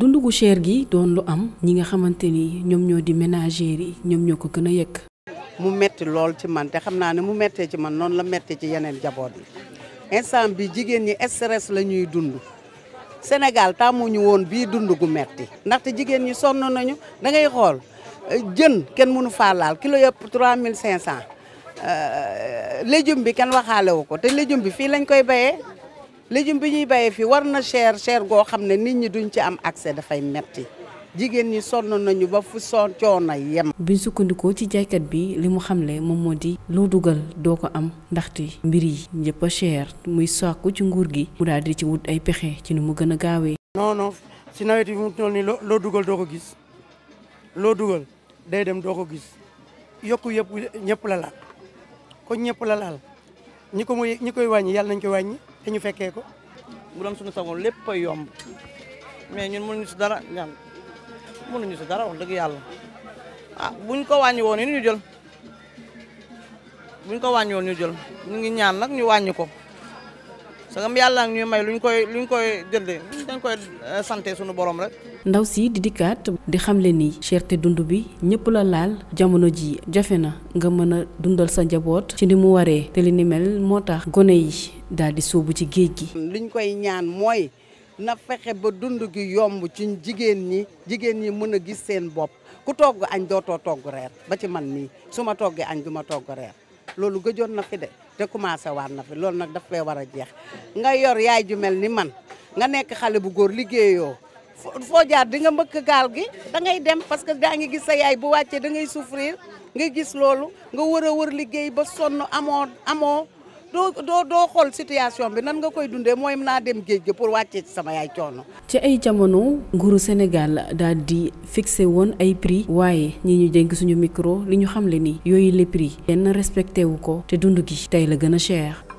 dund gu cheer gi doon lu am ñi nga xamante ni ñoom ñoo di ménagères yi ñoom ñoo ko gën a yëkk. mu metti lool ci man te xam naa ne mu mettee ci man noonu la metti ci yeneen jaboot yi instant bi jigéen ñi stress lañuy ñuy dund Sénégal tàmmuñu woon bii dund gu metti ndaxte jigéen ñi sonn nañu dangay xool jën kenn mënu faa laal kilo yëpp 3500 Euh, légume bi kenn waxaalewu ko te légume bi fii lañ koy bayee légume bi ñuy bayee fii war na cher cher goo xam ne nit ñi duñ ci am accès dafay metti jigéen ñi sonn nañu ba fu son coono yem. biñ sukkandikoo ci jaaykat bi li mu xamle moom moo di. loo dugal doo ko am ndaxte mbir yi ñëpp a cher muy sàkku ci nguur gi. mu daal di ci wut ay pexe ci nu mu gën a gaawee. non si nawet yi mu toll nii loo loo dugal doo ko gis loo dugal day dem doo ko gis yokk yëpp ñëpp la la ko ñëpp la laal ñi ko muy ñi koy wàññi yàlla nañ koy wàññi te ñu fekkee ko. bu doon suñu lépp a yomb mais ñun mënuñu si dara ñaan mënuñu si dara wax dëgg yàlla ah buñ ko wàññi woon ñu jol buñ ko wàññi woon ñu jël ñu ngi ñaan nag ñu wàññi ko. sagam yàlla ñuy may ñu koy luñ koy jëndee dañ koy eh, santé suñu borom rek. ndaw sii di dikkaat di xamle ni. cherté dund bi ñëpp la laal jamono ji jafe na nga mën a dundal sa njaboot. ci ni mu waree te li ni mel moo tax gone yi daal di sóobu ci géej gi. liñ koy ñaan mooy na fexe ba dund gi yomb ci jigéen ñi jigéen ñi mën a gis seen bopp ku togg añ dootoo togg reer ba ci man nii su ma toggee añ du ma togg reer. loolu gëjoon na fi de te commencé waat na fi loolu nag daf fee war a jeex nga yor yaay ju mel ni man nga nekk xale bu góor liggéeyoo foo jaar di nga mbëkk gaal gi da ngay dem parce que daa ngi gis sa yaay bu wàccee da ngay souffrir nga gis loolu nga wër a wër liggéey ba sonn amoo amoo doo doo doo xool situation bi nan nga koy dundee mooy naa dem géej gi pour wàccee ci sama yaay coono. ci ay jamono nguuru Sénégal daal di fixé woon ay prix waaye ñi ñu dénk suñu micro li ñu xamle ni yooyu les prix kenn respecté wu ko te dund gi tey la gën a cher.